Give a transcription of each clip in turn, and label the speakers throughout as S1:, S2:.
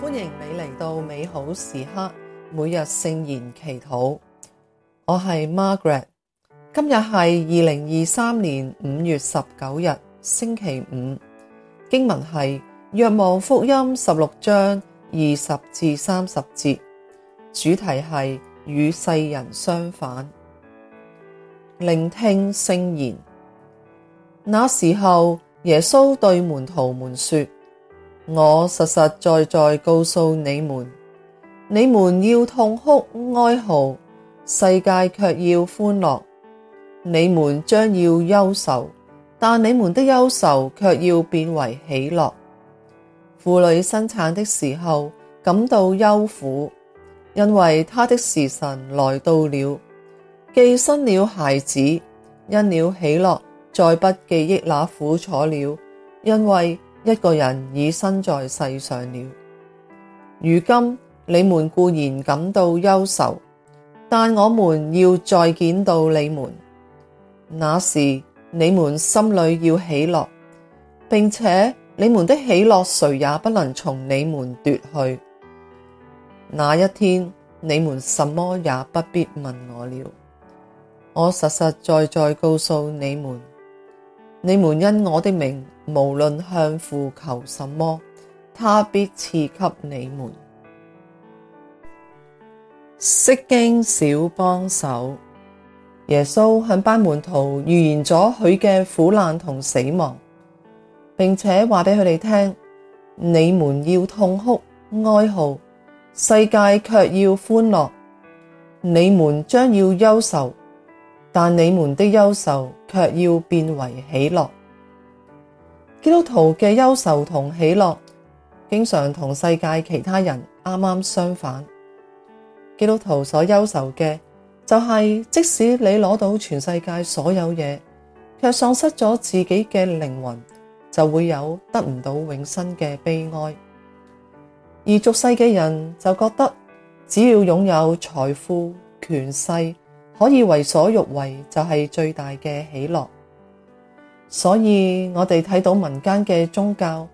S1: 歡迎你嚟到美好時刻，每日聖言祈禱。我係 Margaret，今日係二零二三年五月十九日星期五。經文係《若望福音》十六章二十至三十節，主題係與世人相反，聆聽聖言。那時候，耶穌對門徒們說。我實實在在告訴你們，你們要痛哭、哀號，世界卻要歡樂；你們將要憂愁，但你們的憂愁卻要變為喜樂。婦女生產的時候，感到憂苦，因為她的時辰來到了；既生了孩子，因了喜樂，再不記憶那苦楚了，因為。一個人已生在世上了，如今你們固然感到憂愁，但我們要再見到你們，那時你們心裏要喜樂，並且你們的喜樂誰也不能從你們奪去。那一天你們什麼也不必問我了，我實實在在告訴你們，你們因我的名。無論向父求什麼，他必賜給你們。釋經小幫手，耶穌向班門徒預言咗佢嘅苦難同死亡，並且話俾佢哋聽：你們要痛哭哀號，世界卻要歡樂；你們將要憂愁，但你們的憂愁卻要變為喜樂。基督徒嘅憂愁同喜樂，經常同世界其他人啱啱相反。基督徒所憂愁嘅就係即使你攞到全世界所有嘢，卻喪失咗自己嘅靈魂，就會有得唔到永生嘅悲哀。而俗世嘅人就覺得，只要擁有財富、權勢，可以為所欲為，就係最大嘅喜樂。所以我哋睇到民間嘅宗教，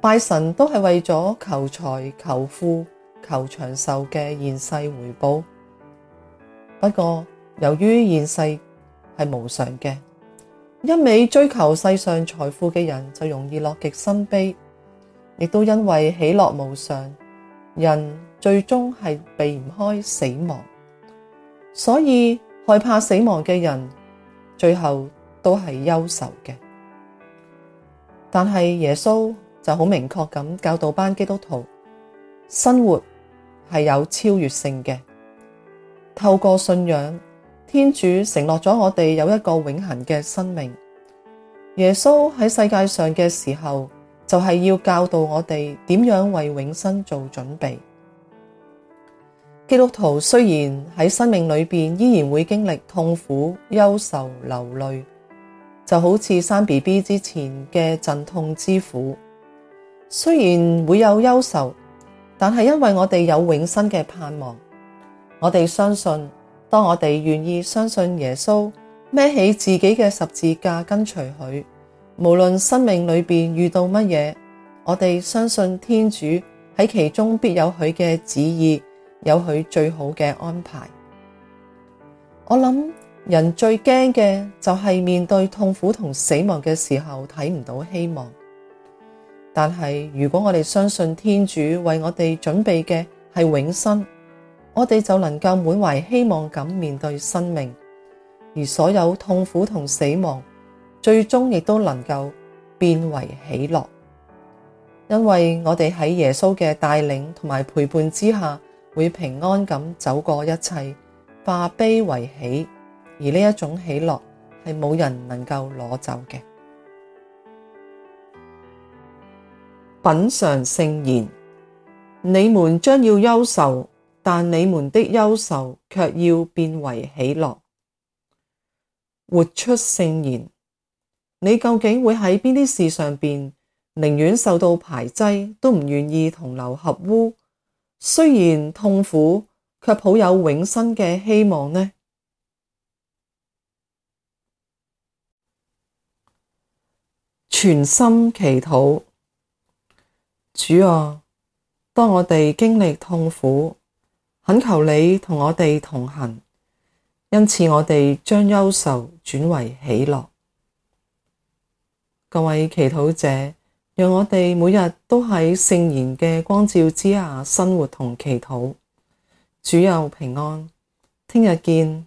S1: 拜神都係為咗求財、求富、求長壽嘅現世回報。不過由於現世係無常嘅，一味追求世上財富嘅人就容易樂極生悲，亦都因為喜樂無常，人最終係避唔開死亡。所以害怕死亡嘅人，最後，都係憂愁嘅，但係耶穌就好明確咁教導班基督徒，生活係有超越性嘅。透過信仰，天主承諾咗我哋有一個永恆嘅生命。耶穌喺世界上嘅時候，就係要教導我哋點樣為永生做準備。基督徒雖然喺生命裏邊依然會經歷痛苦、憂愁、流淚。就好似生 B B 之前嘅陣痛之苦，雖然會有憂愁，但係因為我哋有永生嘅盼望，我哋相信，當我哋願意相信耶穌，孭起自己嘅十字架跟隨佢，無論生命裏邊遇到乜嘢，我哋相信天主喺其中必有佢嘅旨意，有佢最好嘅安排。我諗。人最驚嘅就係面對痛苦同死亡嘅時候睇唔到希望，但係如果我哋相信天主為我哋準備嘅係永生，我哋就能夠滿懷希望咁面對生命，而所有痛苦同死亡最終亦都能夠變為喜樂，因為我哋喺耶穌嘅帶領同埋陪伴之下，會平安咁走過一切，化悲為喜。而呢一種喜樂係冇人能夠攞走嘅。品嘗聖言，你們將要憂愁，但你們的憂愁卻要變為喜樂。活出聖言，你究竟會喺邊啲事上面寧願受到排擠，都唔願意同流合污？雖然痛苦，卻抱有永生嘅希望呢？全心祈禱，主啊，當我哋經歷痛苦，懇求你同我哋同行，因此我哋將憂愁轉為喜樂。各位祈禱者，讓我哋每日都喺聖言嘅光照之下生活同祈禱。主佑平安，聽日見。